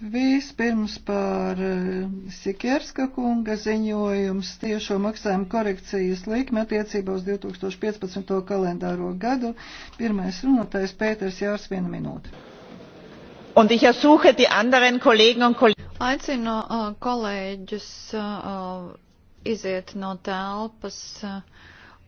Vispirms par eh, Sikerska kunga ziņojums tiešo maksājumu korekcijas likme attiecībā uz 2015. kalendāro gadu. Pirmais runātājs Pēters Jārs viena minūte. Un ich ersuche die anderen Kollegen und Kollegen. Aicinu uh, kolēģus uh, iziet no telpas. Uh,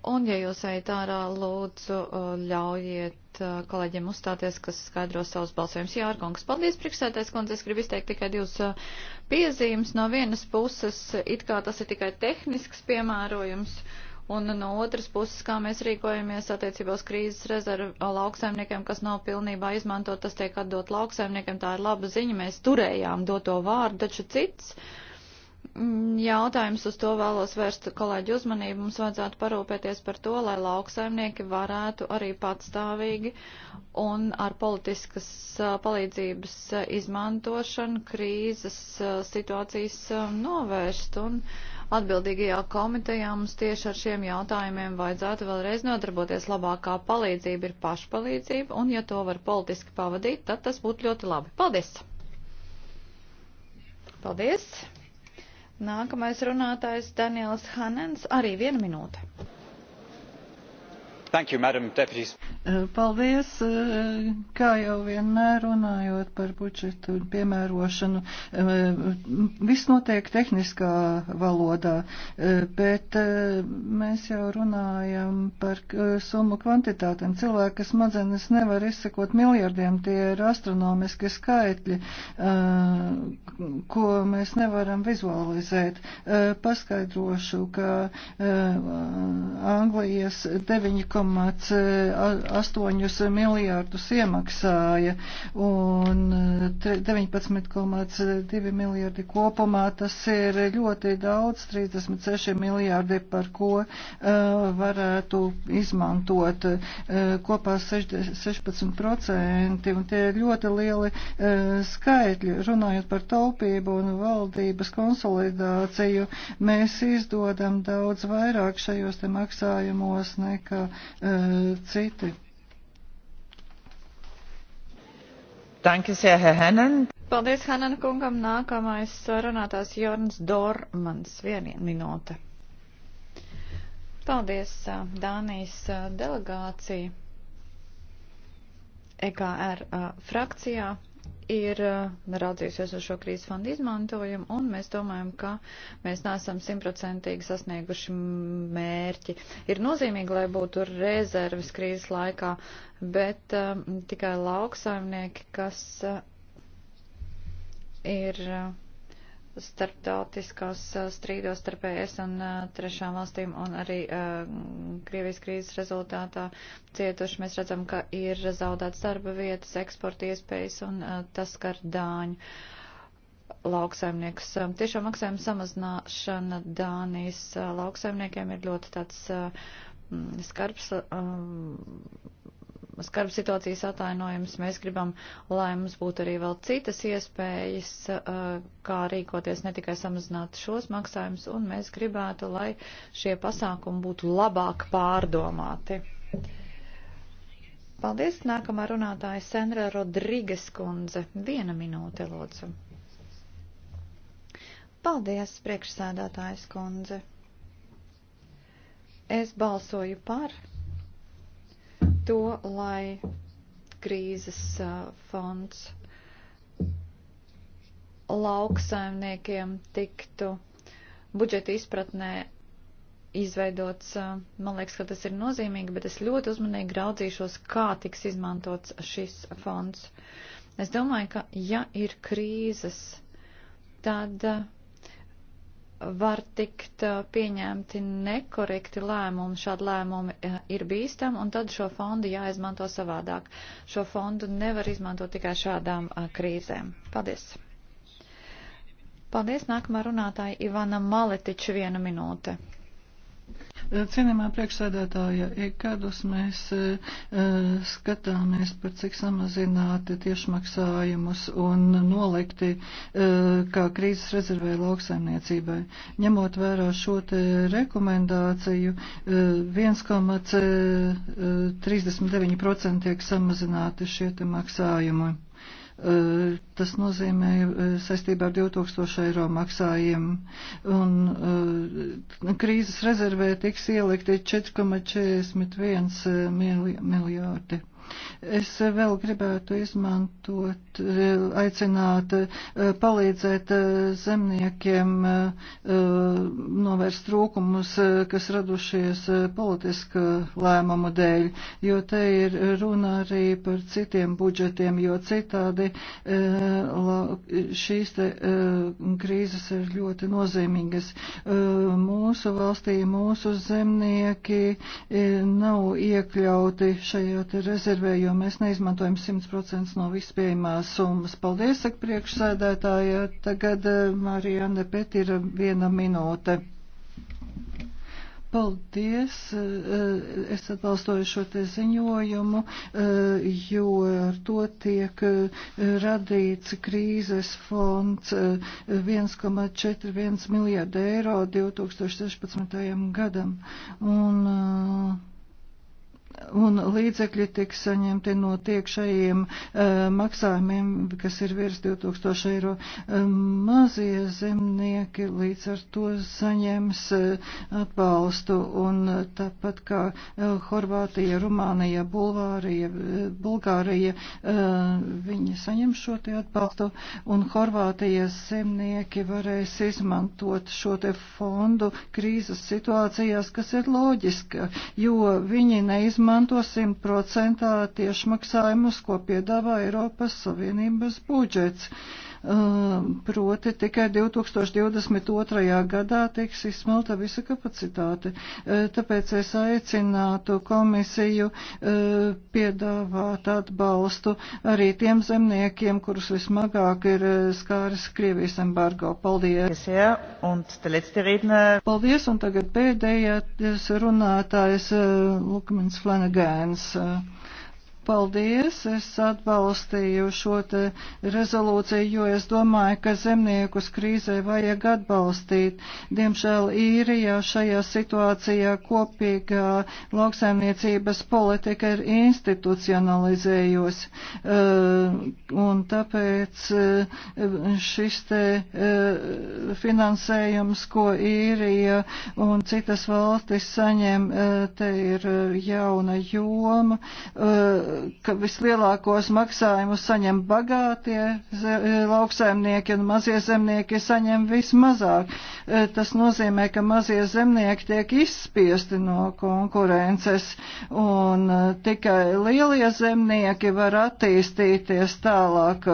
Un, ja jūs ejat ārā, lūdzu, uh, ļaujiet uh, kolēģiem uzstāties, kas skaidro savus balsojumus. Jā, Arkungs, paldies, priekšsētais kundze, es gribu izteikt tikai divas uh, piezīmes. No vienas puses, it kā tas ir tikai tehnisks piemērojums. Un no otras puses, kā mēs rīkojamies attiecībā uz krīzes rezervu lauksaimniekiem, kas nav pilnībā izmantot, tas tiek atdot lauksaimniekiem. Tā ir laba ziņa, mēs turējām doto vārdu, taču cits. Uh, Mm, jautājums uz to vēlos vērst kolēģi uzmanību. Mums vajadzētu parūpēties par to, lai lauksaimnieki varētu arī patstāvīgi un ar politiskas palīdzības izmantošanu krīzes situācijas novērst. Un atbildīgajā komitejā mums tieši ar šiem jautājumiem vajadzētu vēlreiz nodarboties. Labākā palīdzība ir pašpalīdzība, un ja to var politiski pavadīt, tad tas būtu ļoti labi. Paldies! Paldies! Nākamais runātājs Daniels Hanens, arī viena minūte. You, eh, Paldies, eh, kā jau vienmēr runājot par budžetu un piemērošanu. Eh, viss notiek tehniskā valodā, bet mēs jau runājam par summu kvantitātēm. Cilvēka smadzenes nevar izsekot miljardiem, tie ir astronomiski skaitļi, ko mēs nevaram vizualizēt. Paskaidrošu, ka Anglijas 9,5 1,8 eh, miljārdus iemaksāja un 19,2 eh, eh, miljārdi kopumā. Tas ir ļoti daudz, 36 miljārdi, par ko varētu izmantot kopā 16%. Un tie ir ļoti lieli skaitļi. Runājot par taupību un valdības konsolidāciju, mēs izdodam daudz vairāk šajos te maksājumos nekā Uh, citi. Dankas, Herr Hennen. Paldies, Hanan kungam. Nākamais runātājs Jorns Dormans. Viena minūte. Paldies, uh, Dānijas uh, delegācija EKR frakcijā ir eh, raudzījusies uz šo krīzes fondu izmantojumu, un mēs domājam, ka mēs neesam simtprocentīgi sasnieguši mērķi. Ir nozīmīgi, lai būtu rezerves krīzes laikā, bet uh, tikai lauksaimnieki, kas uh, ir. Uh, starptautiskos eh, strīdos starp ES un eh, trešām valstīm un arī eh, Krievijas krīzes rezultātā cietuši. Mēs redzam, ka ir zaudēts darba vietas, eksporta iespējas un tas skar dāņu lauksaimniekus. Tiešām maksājuma samazināšana Dānijas lauksaimniekiem ir ļoti tāds skarbs skarba situācijas atainojums. Mēs gribam, lai mums būtu arī vēl citas iespējas, uh, kā rīkoties, ne tikai samazināt šos maksājumus, un mēs gribētu, lai šie pasākumi būtu labāk pārdomāti. Paldies. Nākamā runātāja Senra Rodrīgas kundze. Viena minūte, lūdzu. Paldies, priekšsēdētājas kundze. Es balsoju par to, lai krīzes uh, fonds lauksaimniekiem tiktu budžeta izpratnē izveidots. Uh, man liekas, ka tas ir nozīmīgi, bet es ļoti uzmanīgi raudzīšos, kā tiks izmantots šis fonds. Es domāju, ka ja ir krīzes, tad. Uh, var tikt pieņemti nekorekti lēmumi, šādi lēmumi ir bīstami, un tad šo fondu jāizmanto savādāk. Šo fondu nevar izmantot tikai šādām krīzēm. Paldies! Paldies, nākamā runātāja Ivana Maletič, viena minūte. Cienījumā priekšsēdētāja, ik gadus mēs e, e, skatāmies par cik samazināti tiešmaksājumus un nolikti e, kā krīzes rezervē lauksaimniecībai. Ņemot vērā šo te rekomendāciju, 1,39% tiek samazināti šie te maksājumi. E, tas nozīmē e, saistībā ar 2000 eiro maksājumu. Un e, krīzes rezervē tiks ielikti 4,41 miljārdi. Es vēl gribētu izmantot, aicināt, palīdzēt eh, zemniekiem eh, novērst trūkumus, eh, kas radušies politiska lēmuma dēļ, jo te ir runa arī par citiem budžetiem, jo citādi šīs te krīzes ir ļoti nozīmīgas. Mūsu valstī mūsu zemnieki nav iekļauti šajā te rezervā rezervē, jo mēs neizmantojam 100% no vispējamās summas. Paldies, saka priekšsēdētāja. Tagad eh, Marijana Pet ir viena minūte. Paldies! Eh, es atbalstoju šo te ziņojumu, eh, jo ar to tiek radīts krīzes fonds 1,41 miljārda eiro 2016. gadam. Un, un līdzekļi tiks saņemti no tiekšējiem eh, maksājumiem, kas ir virs 2000 eiro. Eh, mazie zemnieki līdz ar to saņems eh, atbalstu, un tāpat kā Horvātija, Rumānija, Bulvārija, Bulgārija, viņi saņem šo te atbalstu, un Horvātijas zemnieki varēs izmantot šo te fondu krīzes situācijās, kas ir loģiska, jo viņi neizmanto izmanto simtprocentā tiešmaksājumus, ko piedāvā Eiropas Savienības budžets. Um, proti tikai 2022. gadā tiks izsmelta visa kapacitāte. Uh, tāpēc es aicinātu komisiju uh, piedāvāt atbalstu arī tiem zemniekiem, kurus vismagāk ir uh, skāris Krievijas embargo. Paldies! Paldies, un tagad pēdējais runātājs Lukmins Flanagēns. Paldies, es atbalstīju šo te rezolūciju, jo es domāju, ka zemniekus krīzē vajag atbalstīt. Diemžēl īrijā šajā situācijā kopīgā lauksaimniecības politika ir institucionalizējos, eh, un tāpēc eh, šis te eh, finansējums, ko īrija un citas valstis saņem, te ir jauna joma ka vislielākos maksājumus saņem bagātie e, lauksaimnieki un mazie zemnieki saņem vismazāk. E, tas nozīmē, ka mazie zemnieki tiek izspiesti no konkurences un e, tikai lielie zemnieki var attīstīties tālāk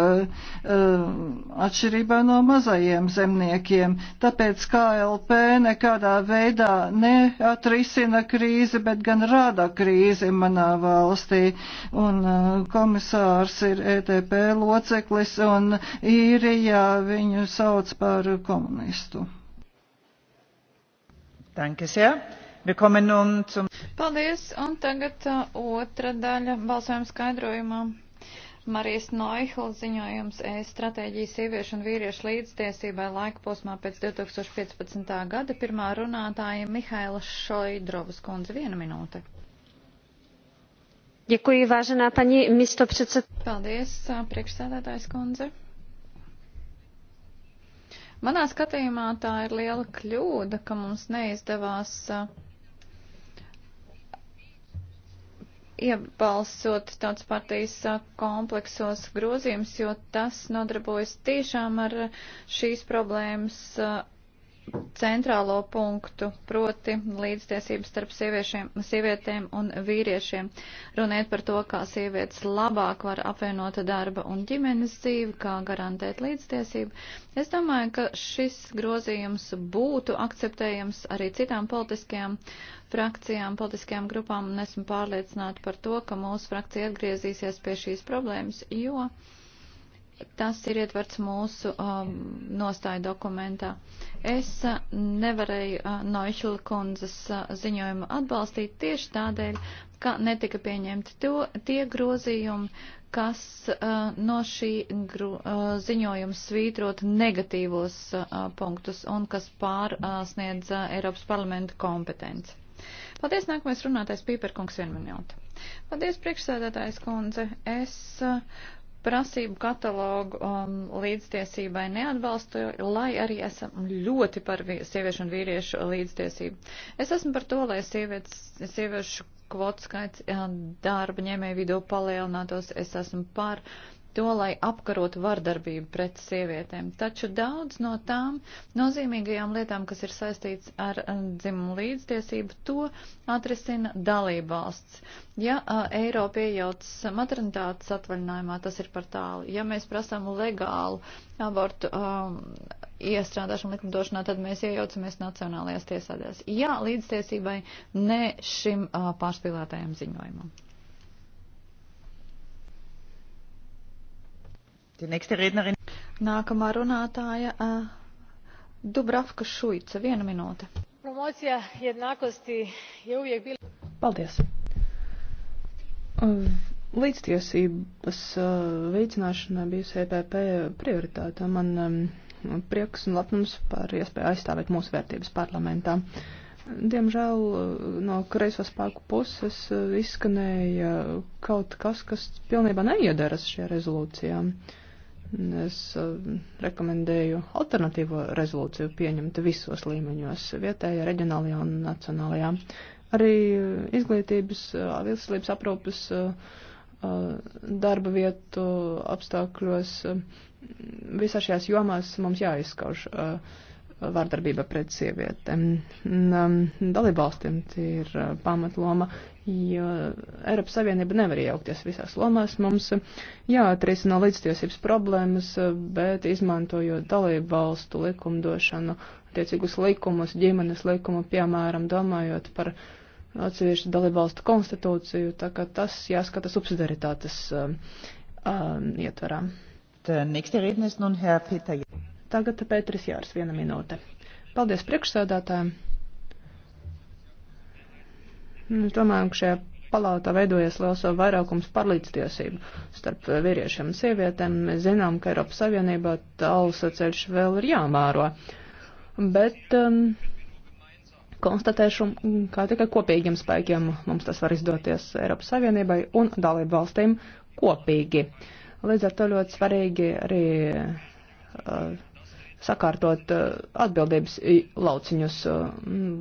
atšķirībā no mazajiem zemniekiem. Tāpēc KLP nekādā veidā neatrisina krīzi, bet gan rada krīzi manā valstī un uh, komisārs ir ETP loceklis, un īrijā viņu sauc par komunistu. Dankas, jā. Ja. Paldies, un tagad uh, otra daļa balsojuma skaidrojumā. Marijas Noihla ziņojums e-stratēģija sieviešu un vīriešu līdztiesībai laika posmā pēc 2015. gada pirmā runātāja Mihaila Šoidrovas kundze viena minūte. Paldies, priekšsēdētājs kundze. Manā skatījumā tā ir liela kļūda, ka mums neizdevās iebalsot tautas partijas kompleksos grozījums, jo tas nodarbojas tiešām ar šīs problēmas centrālo punktu, proti līdztiesības starp sievietēm un vīriešiem. Runiet par to, kā sievietes labāk var apvienot darba un ģimenes dzīvi, kā garantēt līdztiesību. Es domāju, ka šis grozījums būtu akceptējams arī citām politiskajām frakcijām, politiskajām grupām, un esmu pārliecināta par to, ka mūsu frakcija atgriezīsies pie šīs problēmas, jo. Tas ir ietverts mūsu um, nostāju dokumentā. Es uh, nevarēju uh, Noišula kundzes uh, ziņojumu atbalstīt tieši tādēļ, ka netika pieņemti to, tie grozījumi, kas uh, no šī gru, uh, ziņojuma svītrot negatīvos uh, punktus un kas pārsniedz uh, uh, Eiropas parlamenta kompetenci. Paldies, nākamais runātais Pīperkungs, vienu minūti. Paldies, priekšsēdētājs kundze. Es uh, prasību katalogu um, līdztiesībai neatbalstu, lai arī esam ļoti par sieviešu un vīriešu līdztiesību. Es esmu par to, lai sievietes, sieviešu kvotu skaits uh, darba ņēmēju vidū palielinātos. Es esmu par to, lai apkarotu vardarbību pret sievietēm. Taču daudz no tām nozīmīgajām lietām, kas ir saistīts ar eh, dzimumu līdztiesību, to atrisina dalībvalsts. Ja eh, Eiropa iejaucas maternitātes atvaļinājumā, tas ir par tālu. Ja mēs prasām legālu abortu um, iestrādāšanu likumdošanā, tad mēs iejaucamies nacionālajās tiesādēs. Jā, līdztiesībai, ne šim uh, pārspīlētajam ziņojumam. Nākamā runātāja uh, Dubravka Šuica. Viena minūte. Promocija jednakosti je uvijek bila. Paldies. Līdztiesības veicināšana bijusi EPP prioritāte. Man um, prieks un lepnums par iespēju aizstāvēt mūsu vērtības parlamentā. Diemžēl no kreiso spēku puses izskanēja kaut kas, kas pilnībā neiedaras šajā rezolūcijā. Uh, Es um, rekomendēju alternatīvo rezolūciju pieņemt visos līmeņos - vietējā, reģionālajā un nacionālajā. Arī uh, izglītības, uh, veselības aprūpas uh, darba vietu apstākļos um, visā šajās jomās mums jāizskauž vārdarbība pret sievietēm. Um, dalībvalstīm ir pamatloma jo Eiropas Savienība nevar iejaukties visās lomās. Mums jāatrisina līdztiesības problēmas, bet izmantojot dalību valstu likumdošanu, attiecīgus likumus, ģimenes likumu, piemēram, domājot par atsevišķu dalību valstu konstitūciju, tā kā tas jāskata subsidaritātes um, um ietverā. Tagad Pēteris Jārs, viena minūte. Paldies priekšsēdātājiem! Es domāju, ka šajā palātā veidojas liels vairākums par līdztiesību starp vīriešiem un sievietēm. Mēs zinām, ka Eiropas Savienībā tāls ceļš vēl ir jāmēro. Bet um, konstatēšu, kā tikai kopīgiem spēkiem mums tas var izdoties Eiropas Savienībai un dalību valstīm kopīgi. Līdz ar to ļoti svarīgi arī. Uh, sakārtot eh, atbildības lauciņus,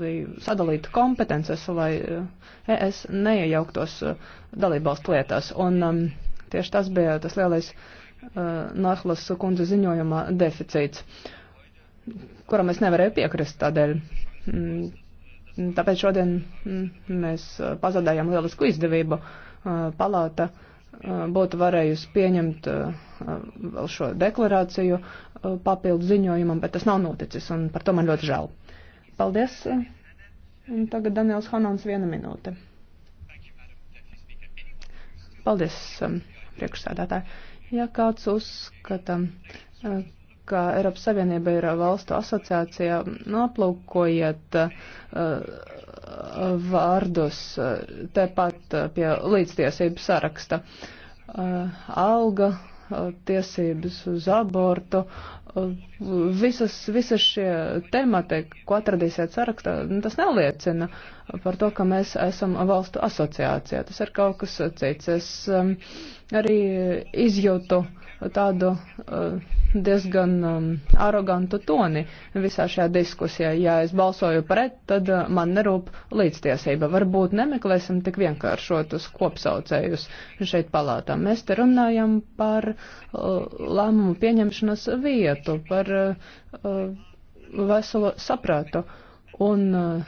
lai eh, sadalītu kompetences, lai ES eh, e neiejauktos dalībvalstu lietās. Un mm, tieši tas bija tas lielais Nahlas kundze ziņojumā deficīts, kuram es nevarēju piekrist tādēļ. Mm, tāpēc šodien mm, mēs pazaudējām lielisku izdevību. Palāta būtu varējusi pieņemt vēl šo deklarāciju, papildu ziņojumam, bet tas nav noticis, un par to man ļoti žēl. Paldies! Un tagad Daniels Hanons viena minūte. Paldies, um, priekšsēdētāji. Ja kāds uzskata, uh, ka Eiropas Savienība ir valstu asociācija, noplūkojiet nu, uh, vārdus uh, tepat pie līdztiesības saraksta. Alga, tiesības uz abortu, visas, visas šie temati, ko atradīsiet sarakstā, nu, tas neliecina par to, ka mēs esam valstu asociācijā. Tas ir kaut kas cits. Es um, arī izjūtu tādu uh, diezgan um, arogantu toni visā šajā diskusijā. Ja es balsoju pret, tad uh, man nerūp līdztiesība. Varbūt nemeklēsim tik vienkāršotus kopsaucējus šeit palātā. Mēs te runājam par uh, lēmumu pieņemšanas vietu lietu, par uh, uh, veselo saprātu. Un uh,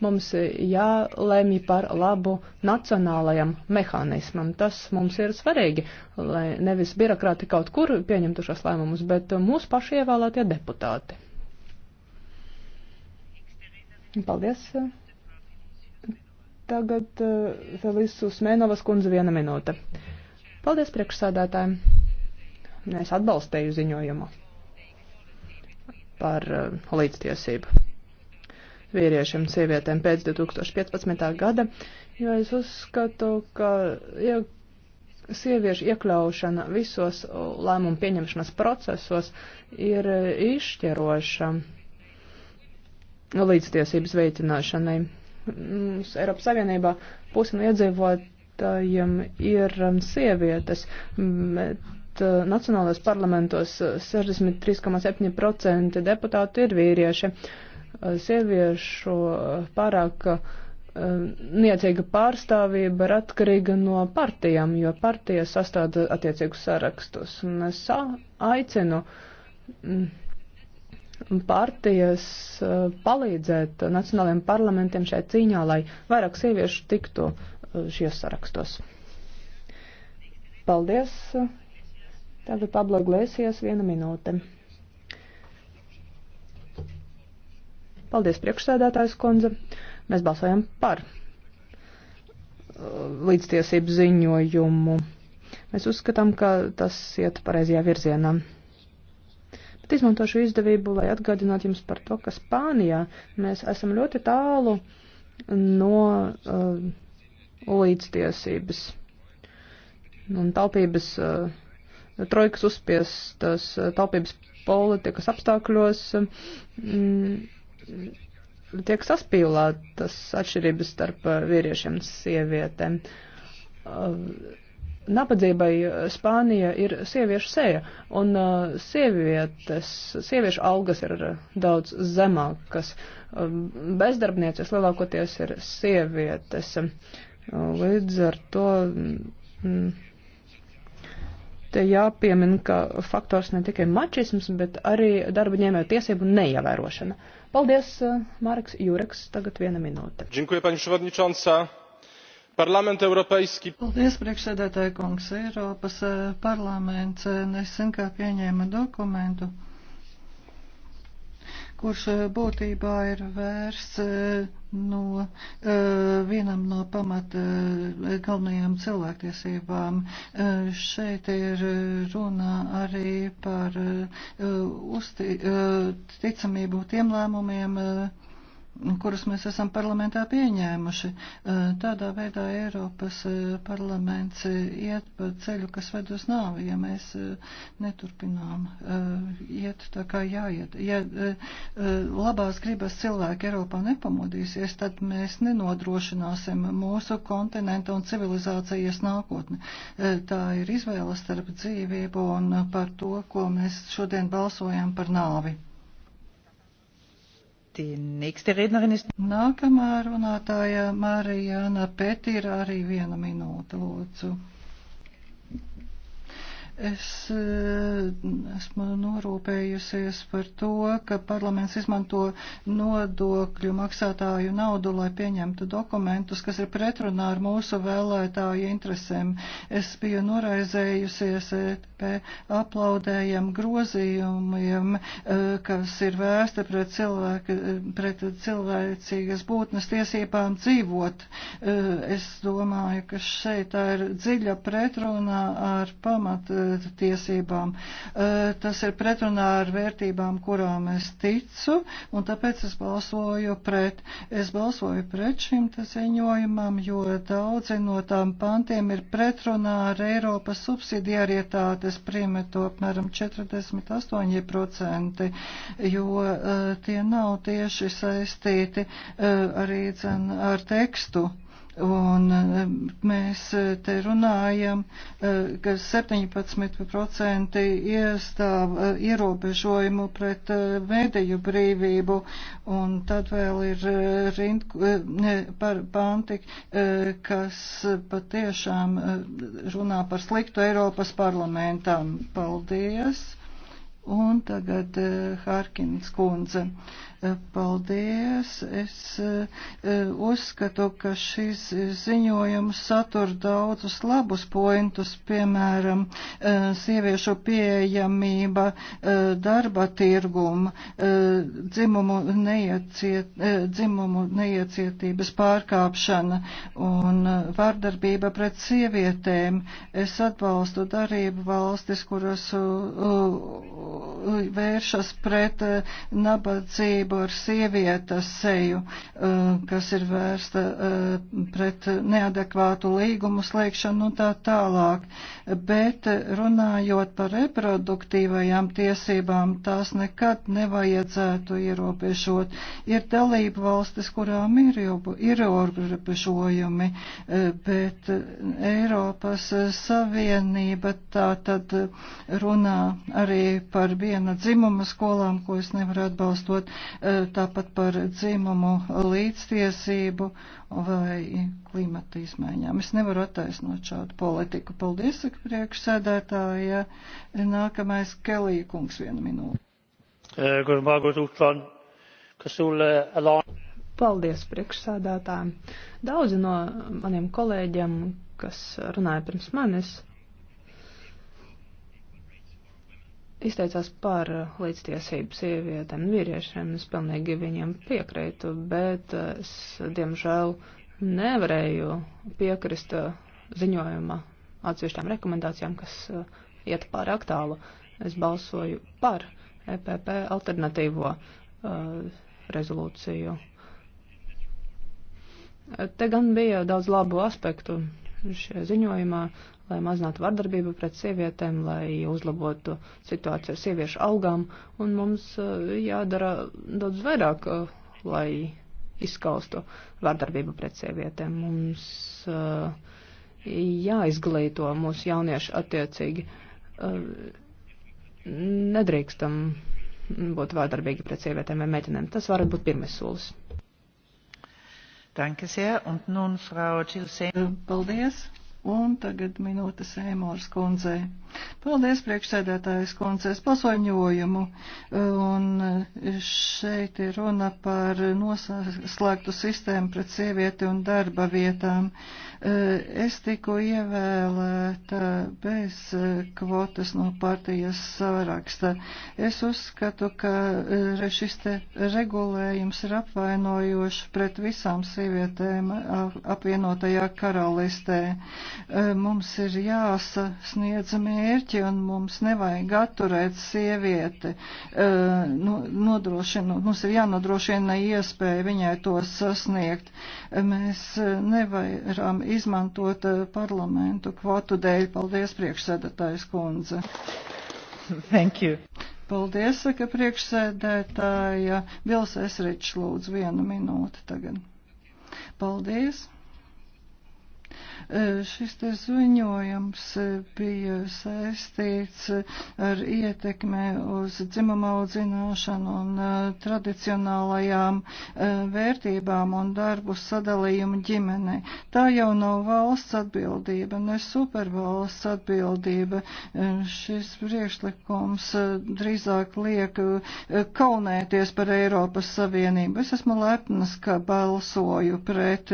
mums jālēmj par labu nacionālajam mehānismam. Tas mums ir svarīgi, lai nevis birokrāti kaut kur pieņemtu šos lēmumus, bet mūsu paši ievēlētie deputāti. Paldies. Tagad Felisu Smēnovas kundze viena minūte. Paldies priekšsādātājiem. Es atbalstēju ziņojumu par eh, līdztiesību vīriešiem un sievietēm pēc 2015. gada, jo es uzskatu, ka ja sieviešu iekļaušana visos lēmumu pieņemšanas procesos ir eh, izšķiroša līdztiesības veicināšanai. Mums Eiropas Savienībā pusi no iedzīvotājiem ir um, sievietes, bet Eh, nacionālajos parlamentos 63,7% eh, deputātu ir vīrieši. Eh, sieviešu pārāk niecīga pārstāvība ir atkarīga no partijām, jo partijas sastāda attiecīgus sarakstus. Un es aicinu mm, partijas palīdzēt nacionālajiem parlamentiem šai cīņā, lai vairāk sieviešu tiktu šajos sarakstos. Paldies! Tagad Pablo Glēsijas viena minūte. Paldies, priekšsēdētājs kundze. Mēs balsojam par uh, līdztiesību ziņojumu. Mēs uzskatām, ka tas iet pareizajā virzienā. Bet izmantošu izdevību, lai atgādinātu jums par to, ka Spānijā mēs esam ļoti tālu no uh, līdztiesības un taupības. Uh, trojkas uzspiestas eh, taupības politikas apstākļos mm, tiek saspīlētas atšķirības starp eh, vīriešiem un sievietēm. Eh, nabadzībai Spānija ir sieviešu sēja, un sievietes, sieviešu algas ir daudz zemākas. Bezdarbnieces lielākoties ir sievietes. Līdz ar to mm, Te jāpiemina, ka faktors ne tikai mačisms, bet arī darba ņēmēju tiesību neievērošana. Paldies, Marks Jureks, tagad viena minūte. Dziękuję, pani przewodnicząca. Parlament Europejski. Paldies, priekšsēdētāji kungs. Eiropas eh, parlaments eh, nesen kā pieņēma dokumentu kurš eh, būtībā ir vērsts eh, no eh, vienam no pamat galvenajām cilvēktiesībām. Šeit ir runa arī par uzticamību tiem lēmumiem, kurus mēs esam parlamentā pieņēmuši. Eh, tādā veidā Eiropas eh, parlaments eh, iet pa ceļu, kas ved uz nāvi, ja mēs neturpinām iet tā kā jāiet. Ja labās gribas cilvēki Eiropā nepamodīsies, tad mēs nenodrošināsim mūsu kontinenta un civilizācijas nākotni. Tā ir izvēle starp dzīvību un par to, ko mēs šodien balsojam par nāvi. Nākamā runātāja Marijāna Petīra arī viena minūte, lūdzu. Es eh, esmu norūpējusies par to, ka parlaments izmanto nodokļu maksātāju naudu, lai pieņemtu dokumentus, kas ir pretrunā ar mūsu vēlētāju interesēm. Es biju noraizējusies eh, pie aplaudējiem grozījumiem, eh, kas ir vēsta pret, cilvēka, pret cilvēcīgas būtnes tiesībām dzīvot. Es domāju, ka šeit tā ir dziļa pretrunā ar pamatu tiesībām. Tas ir pretrunā ar vērtībām, kurām es ticu, un tāpēc es balsoju pret. Es balsoju pret šim ziņojumam, jo daudzi no tām pantiem ir pretrunā ar Eiropas subsidiarietātes primetu apmēram 48%, jo tie nav tieši saistīti arī dzen, ar tekstu. Un eh, mēs eh, te runājam, eh, ka 17% iestāv ierobežojumu pret mēdīju brīvību, un tad vēl ir rindku, ne, par panti, kas patiešām runā par sliktu Eiropas parlamentam. Paldies! Un tagad Harkins kundze. Uh, Eh, paldies. Es eh, eh, uzskatu, ka šis ziņojums satur daudzus labus pointus, piemēram, sieviešu pieejamība darba tirguma, dzimumu, neieciet, dzimumu neiecietības pārkāpšana un vārdarbība pret sievietēm. Es atbalstu darību valstis, kuras vēršas pret nabadzību Luksemburgas sievietas seju, eh, kas ir vērsta eh, pret neadekvātu līgumu slēgšanu un tā tālāk. Bet runājot par reproduktīvajām tiesībām, tās nekad nevajadzētu ierobežot. Ir dalība valstis, kurām ir jau ierobežojumi, eh, bet Eiropas Savienība tā tad runā arī par viena dzimuma skolām, ko es nevaru atbalstot. Eh, tāpat par dzimumu līdztiesību vai klimata izmaiņām. Es nevaru attaisnot šādu politiku. Paldies, saka priekšsēdētāja. Nākamais Kelija kungs vienu minūti. Eh, Paldies priekšsēdētājiem. Daudzi no maniem kolēģiem, kas runāja pirms manis, izteicās par uh, līdztiesību sievietēm un vīriešiem. Es pilnīgi viņiem piekrītu, bet uh, es, diemžēl, nevarēju piekrist uh, ziņojuma atsevišķām rekomendācijām, kas iet pārāk tālu. Es balsoju par EPP alternatīvo uh, rezolūciju. Te gan bija daudz labu aspektu šajā ziņojumā. Uh, lai mazinātu vardarbību pret sievietēm, lai uzlabotu situāciju ar sieviešu algām, un mums eh, jādara daudz vairāk, eh, lai izskaustu vardarbību pret sievietēm. Mums eh, jāizglīto mūsu jaunieši attiecīgi. Nedrīkstam būt vārdarbīgi pret sievietēm vai meitenēm. Tas varētu būt pirmais solis. Danke sehr. Und nun Frau Gilsen. Paldies. Un tagad minūte Sēmors kundzei. Paldies, priekšsēdētājs kundzes pasoņojumu. Un šeit ir runa par noslēgtu sistēmu pret sievieti un darba vietām. Es tiku ievēlēta bez kvotas no partijas saraksta. Es uzskatu, ka šis te regulējums ir apvainojošs pret visām sievietēm apvienotajā karalistē. Mums ir jāsasniedz mērķi un mums nevajag atturēt sievieti. Nu, nodrošina, mums ir jānodrošina iespēja viņai to sasniegt. Mēs nevaram izmantot parlamentu kvotu dēļ. Paldies, priekšsēdētājs kundze. Thank you. Paldies, saka priekšsēdētāja. Bils Esričs lūdzu vienu minūti tagad. Paldies! Šis te ziņojums bija saistīts ar ietekmē uz dzimuma audzināšanu un tradicionālajām vērtībām un darbu sadalījumu ģimenei. Tā jau nav valsts atbildība, ne supervalsts atbildība. Šis priekšlikums drīzāk liek kaunēties par Eiropas Savienību. Es esmu lepnas, ka balsoju pret,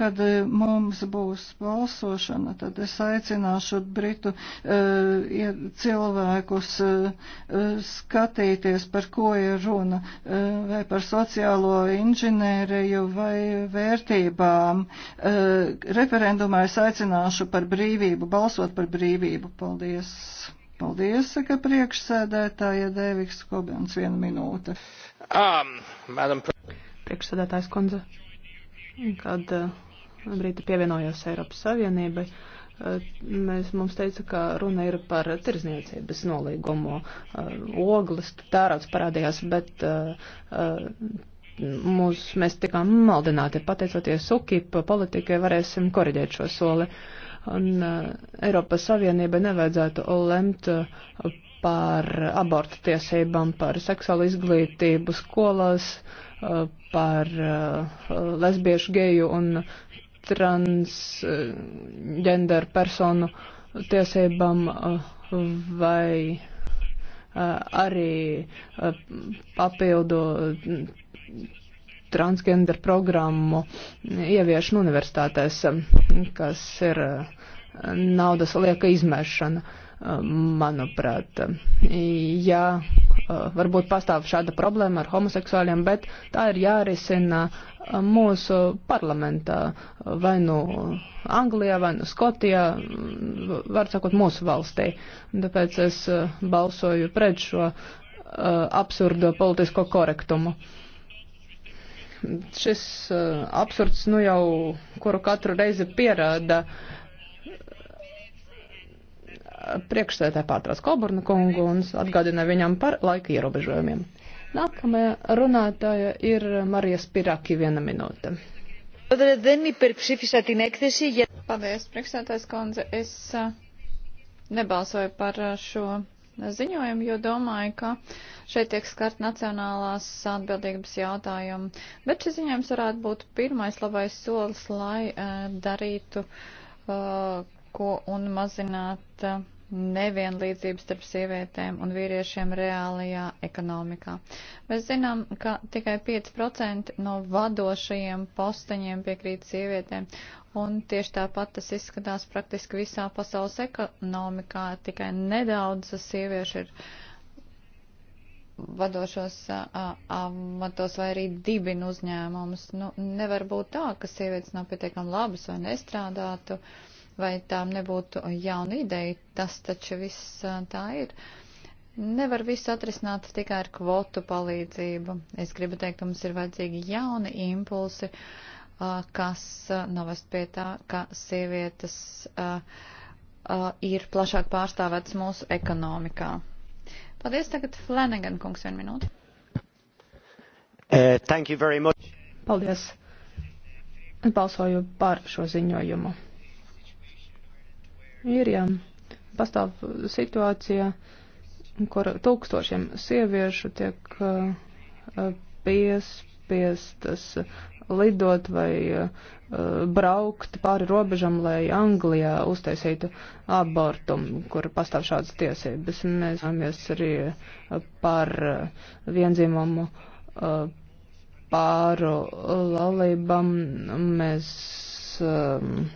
kad mums būs būs balsošana, tad es aicināšu Britu uh, cilvēkus uh, skatīties, par ko ir runa, uh, vai par sociālo inženēriju vai vērtībām. Uh, referendumā es aicināšu par brīvību, balsot par brīvību. Paldies! Paldies, saka priekšsēdētāja Dēviks Kobens, viena minūte. Um, madam... Priekšsēdētājs kundze, kad uh, brīdi pievienojos Eiropas Savienībai, eh, mēs, mums teica, ka runa ir par tirzniecības nolīgumu. Eh, ogles tērauts parādījās, bet eh, mūs, mēs tikām maldināti. Pateicoties UKIP politikai varēsim koriģēt šo soli. Un Eiropas Savienība nevajadzētu lemt par abortu tiesībām, par seksuālu izglītību skolās, par lesbiešu, geju un transgenderu eh, personu tiesībām eh, vai eh, arī papildu transgender programmu ieviešanu universitātēs, kas ir naudas lieka izmešana manuprāt. Jā, varbūt pastāv šāda problēma ar homoseksuāļiem, bet tā ir jārisina mūsu parlamentā, vai nu Anglijā, vai nu Skotijā, var sakot, mūsu valstī. Tāpēc es balsoju pret šo uh, absurdo politisko korektumu. Šis uh, absurds nu jau, kuru katru reizi pierāda uh, priekšsētē pārtrauc Koburna kungu un atgādina viņam par laika ierobežojumiem. Nākamajā runātāja ir Marija Spiraki viena minūte. Paldies, priekšsētājs kundze. Es uh, nebalsoju par uh, šo ziņojumu, jo domāju, ka šeit tiek skart nacionālās atbildības jautājumu. Bet šis ziņojums varētu būt pirmais labais solis, lai uh, darītu ko un mazināt uh, nevienlīdzību starp sievietēm un vīriešiem reālajā ekonomikā. Mēs zinām, ka tikai 5% no vadošajiem posteņiem piekrīt sievietēm, un tieši tāpat tas izskatās praktiski visā pasaules ekonomikā, tikai nedaudz sieviešu ir vadošos amatos vai arī dibina uzņēmumus. Nu, nevar būt tā, ka sievietes nav pietiekami labas vai nestrādātu. Uh, vai tām nebūtu jauna ideja. Tas taču viss tā ir. Nevar visu atrisināt tikai ar kvotu palīdzību. Es gribu teikt, mums ir vajadzīgi jauni impulsi, kas novest pie tā, ka sievietes ir plašāk pārstāvētas mūsu ekonomikā. Paldies tagad Flanagan kungs vienu minūti. Uh, thank you very much. Paldies. Balsoju par šo ziņojumu. Īrijā pastāv situācija, kur tūkstošiem sieviešu tiek uh, piespiestas lidot vai uh, braukt pāri robežam, lai Anglijā uztaisītu abortu, kur pastāv šādas tiesības. Mēs zināmies arī par uh, vienzīmumu pāru laulībām. Mēs um,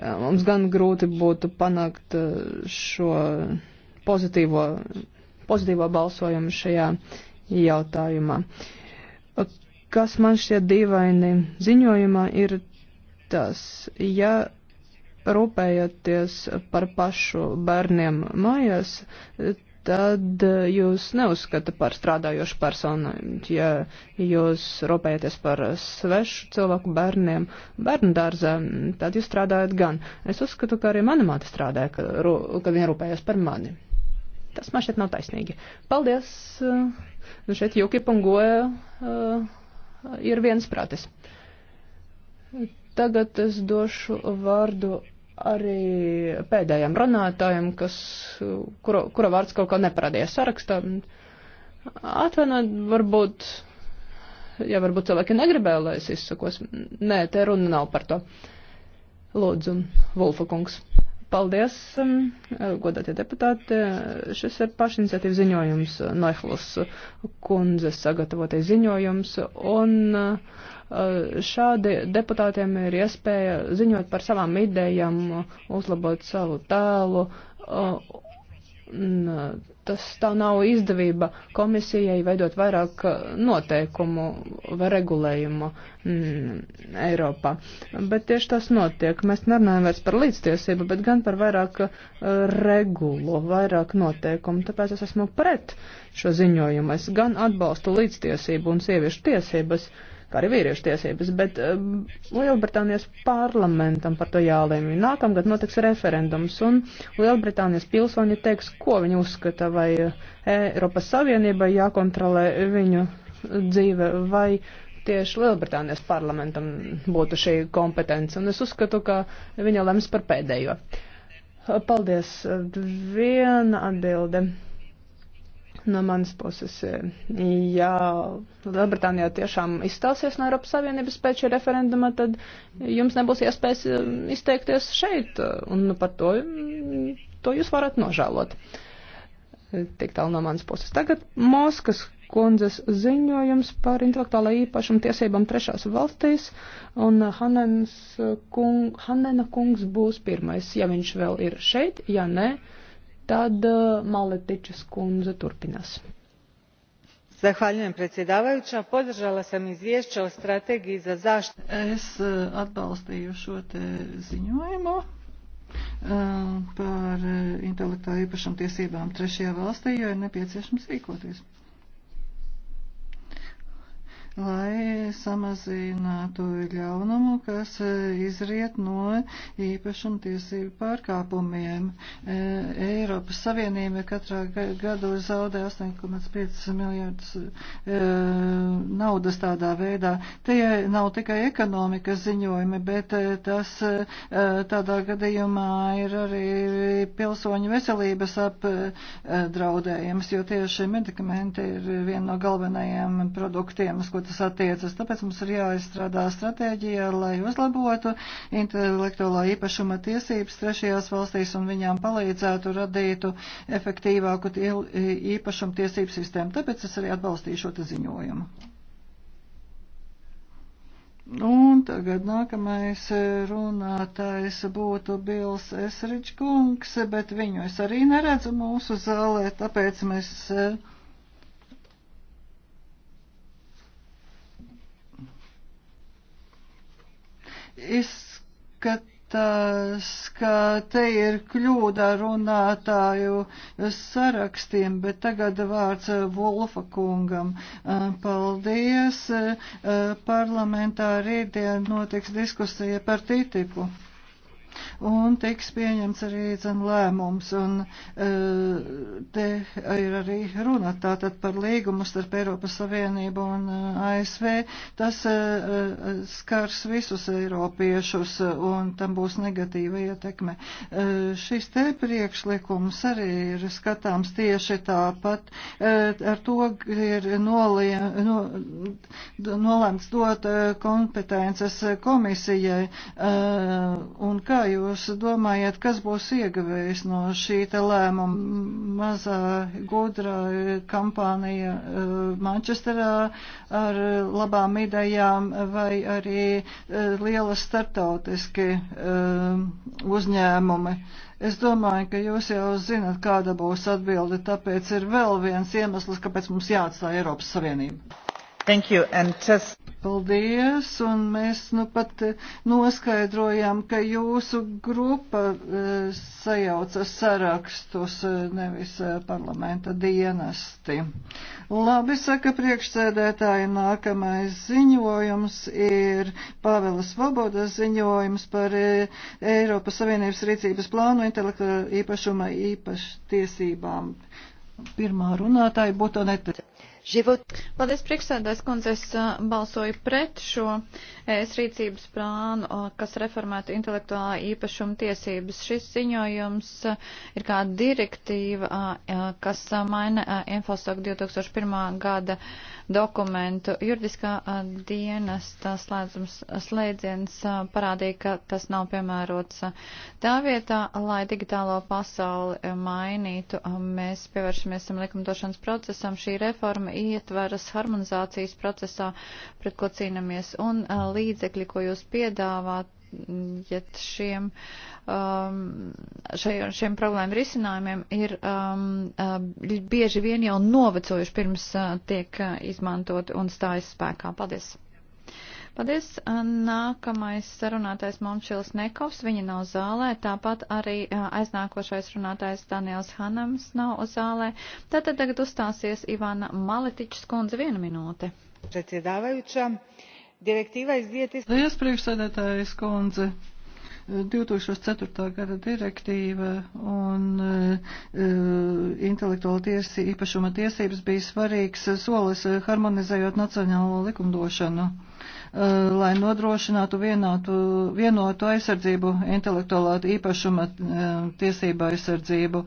Eh, mums gan grūti būtu panākt eh, šo pozitīvo, pozitīvo balsojumu šajā jautājumā. Eh, kas man šķiet dīvaini ziņojumā ir tas, ja rūpējoties par pašu bērniem mājās, tad eh, jūs neuzskata par strādājošu personu, ja jūs rūpējaties par svešu cilvēku bērniem bērnu dārzā, tad jūs strādājat gan. Es uzskatu, ka arī mana māte strādāja, ka, ka viņa rūpējas par mani. Tas man šeit nav taisnīgi. Paldies! Nu šeit Jukip un Goja uh, eh, ir viens prātis. Tagad es došu vārdu arī pēdējiem runātājiem, kas, kura, kura vārds kaut kā neparādījās sarakstā. Atvainojiet, varbūt, ja varbūt cilvēki negribēja, lai es izsakos. Nē, te runa nav par to. Lūdzu, Vulfa kungs. Paldies, um, godātie deputāti. Šis ir pašiniciatīvas ziņojums, Noihlas kundzes sagatavotais ziņojums. Un, uh, Eh, šādi deputātiem ir iespēja ziņot par savām idejām, uzlabot savu tēlu. Eh, eh, tas tā nav izdevība komisijai veidot vairāk noteikumu vai regulējumu mm, Eiropā. Bet tieši tas notiek. Mēs nerunājam vairs par līdztiesību, bet gan par vairāk regulu, vairāk noteikumu. Tāpēc es esmu pret šo ziņojumu. Es gan atbalstu līdztiesību un sieviešu tiesības. Uh, kā arī vīriešu tiesības, bet um, Lielbritānijas parlamentam par to jālēmj. Nākamgad notiks referendums, un Lielbritānijas pilsoņi teiks, ko viņi uzskata, vai eh, Eiropas Savienībai jākontrolē viņu dzīve, vai tieši Lielbritānijas parlamentam būtu šī kompetence, un es uzskatu, ka viņa lems par pēdējo. Paldies. Viena atbilde no manas puses, ja Lielbritānijā tiešām izstāsies no Eiropas Savienības pēc šī referenduma, tad jums nebūs iespējas um, izteikties šeit, uh, un nu par to, mm, to jūs varat nožēlot. Tik tālu no manas puses. Tagad Moskas kundzes ziņojums par intelektuālā īpašuma tiesībām trešās valstīs, un Hanens kung, Hanena kungs būs pirmais, ja viņš vēl ir šeit, ja nē. Ne Tad eh, Maletičas kundze turpinās. Zahvaljujem predsjedavajuća. Podržala sam izvješće o strategiji za zaštitu. Es eh, atbalstīju šo te ziņojumu eh, par intelektuālo īpašumu tiesībām trešajā valstī, jo ir nepieciešams rīkoties lai samazinātu ļaunumu, kas e, izriet no īpašumtiesību pārkāpumiem. E, Eiropas Savienība katrā gadu zaudē 8,5 miljardus e, naudas tādā veidā. Tie nav tikai ekonomikas ziņojumi, bet tas tādā gadījumā ir arī pilsoņu veselības apdraudējums, jo tieši medikamenti ir viena no galvenajiem produktiem, uz ko tas attiecas. Tāpēc mums ir jāizstrādā stratēģija, lai uzlabotu intelektuālā īpašuma tiesības trešajās valstīs un viņām palīdzētu radītu efektīvāku īpašuma tiesību sistēmu. Tāpēc es arī atbalstīšu šo ziņojumu. Un tagad nākamais runātājs būtu Bils Esričkungs, bet viņu es arī neredzu mūsu zālē, tāpēc mēs. Uh, Izskatās, ka te ir kļūda runātāju sarakstiem, bet tagad vārds Volfa kungam. Paldies. Parlamentā rītdien notiks diskusija par TTIPu un tiks pieņemts arī zem lēmums. Un e, te ir arī runa tātad par līgumu starp Eiropas Savienību un e, ASV. Tas e, skars visus eiropiešus un tam būs negatīva ietekme. Šis te priekšlikums arī ir skatāms tieši tāpat. Ar to ir nolēmts no, no, dot kompetences komisijai. Un kā jūs domājat, kas būs iegavējis no šī te lēmuma? Mazā gudra kampānija eh, Manchesterā ar labām idejām vai arī eh, liela startautiski eh, uzņēmumi? Es domāju, ka jūs jau zinat, kāda būs atbilde, tāpēc ir vēl viens iemesls, kāpēc mums jāatstāja Eiropas Savienība. Thank you. And just Paldies, un mēs nu pat eh, noskaidrojām, ka jūsu grupa eh, sajauca sarakstus, eh, nevis parlamenta dienesti. Labi, saka priekšsēdētāji, nākamais ziņojums ir Pāvela Svobodas ziņojums par Eiropas Savienības rīcības plānu intelektuālā īpašuma īpašs tiesībām. Pirmā runātāja būtu neticība. Paldies, priekšsēdājs kundze, es uh, balsoju pret šo es rīcības plānu, kas reformētu intelektuālā īpašuma tiesības. Šis ziņojums uh, ir kā direktīva, uh, kas maina Infosok 2001. gada dokumentu. Juridiskā dienesta slēdzums, slēdziens parādīja, ka tas nav piemērots. Tā vietā, lai digitālo pasauli mainītu, mēs pievēršamies likumdošanas procesam. Šī reforma ietveras harmonizācijas procesā, pret ko cīnamies, un līdzekļi, ko jūs piedāvāt, ja šiem, um, šai, šiem problēmu risinājumiem ir um, bieži vien jau novecojuši pirms tiek izmantot un stājas spēkā. Paldies! Paldies. Nākamais runātais Momčils Nekovs, viņa nav zālē, tāpat arī aiznākošais runātais Daniels Hanams nav zālē. Tātad tagad uzstāsies Ivana Maletičs kundze vienu minūti. Paldies, priekšsēdētājas kundze. 2004. gada direktīva un uh, intelektuāla tiesi, īpašuma tiesības bija svarīgs solis harmonizējot nacionālo likumdošanu. Uh, Uh, lai nodrošinātu vienotu, vienotu aizsardzību, intelektuālā īpašuma uh, tiesību aizsardzību.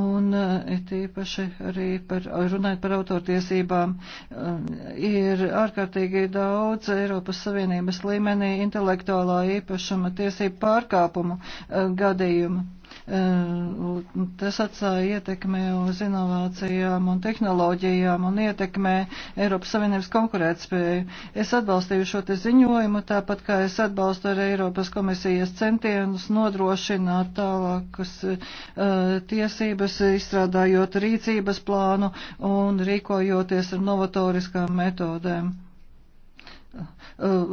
Un uh, it īpaši arī par, runājot par autortiesībām, ir ārkārtīgi daudz Eiropas Savienības līmenī intelektuālā īpašuma tiesību pārkāpumu gadījumu. Eh, tas atstāja ietekmē uz inovācijām un tehnoloģijām un ietekmē Eiropas Savienības konkurētspēju. Es atbalstīju šo te ziņojumu, tāpat kā es atbalstu ar Eiropas komisijas centienus nodrošināt tālākas uh, tiesības, izstrādājot rīcības plānu un rīkojoties ar novatoriskām metodēm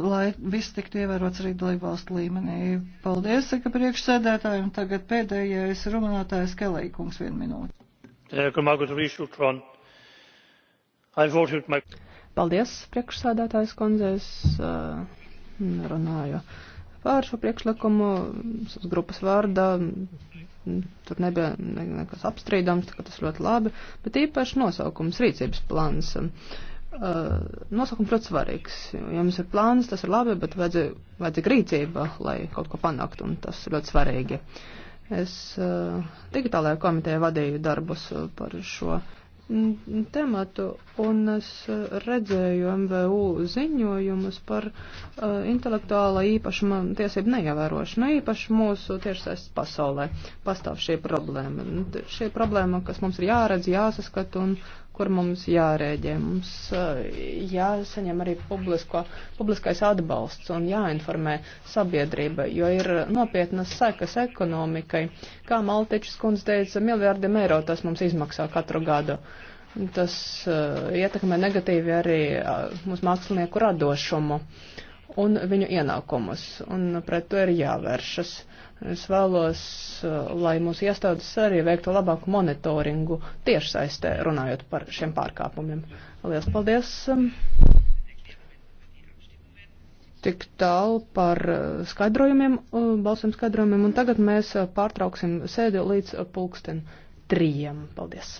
lai viss tiktu ievērots arī dalībvalstu līmenī. Paldies, ka priekšsēdētājiem tagad pēdējais runātājs Kelija kungs vienu minūti. Eh, Paldies, priekšsēdētājs kundzēs, eh, runāju par šo priekšlikumu, grupas vārdā, tur nebija nekas apstrīdams, tā ka tas ļoti labi, bet īpaši nosaukums, rīcības plāns. Uh, Eh, nosaukums ļoti svarīgs. Ja mums ir plāns, tas ir labi, bet vajadzīga vajadzī rīcība, lai kaut ko panāktu, un tas ir ļoti svarīgi. Es uh, digitālajā komitejā vadīju darbus eh, par šo tematu, un es redzēju MVU ziņojumus par uh, intelektuālā īpašuma tiesību neievērošanu, nu, īpaši mūsu tiešsaistes pasaulē pastāv šī problēma. Šī problēma, kas mums ir jāredz, jāsaskat un kur mums jārēģē. Mums eh, jāsaņem arī publisko, publiskais atbalsts un jāinformē sabiedrība, jo ir nopietnas sekas ekonomikai. Kā Maltečs kundze teica, miljārdiem eiro tas mums izmaksā katru gadu. Tas uh, ietekmē negatīvi arī uh, mūsu mākslinieku radošumu un viņu ienākumus, un pret to ir jāvēršas. Uh, Es vēlos, uh, lai mūsu iestādes arī veiktu labāku monitoringu tiešsaistē, runājot par šiem pārkāpumiem. Lielas paldies! Um, tik tālu par uh, skaidrojumiem, uh, balsiem skaidrojumiem, un tagad mēs pārtrauksim sēdi līdz pulksten trījiem. Paldies!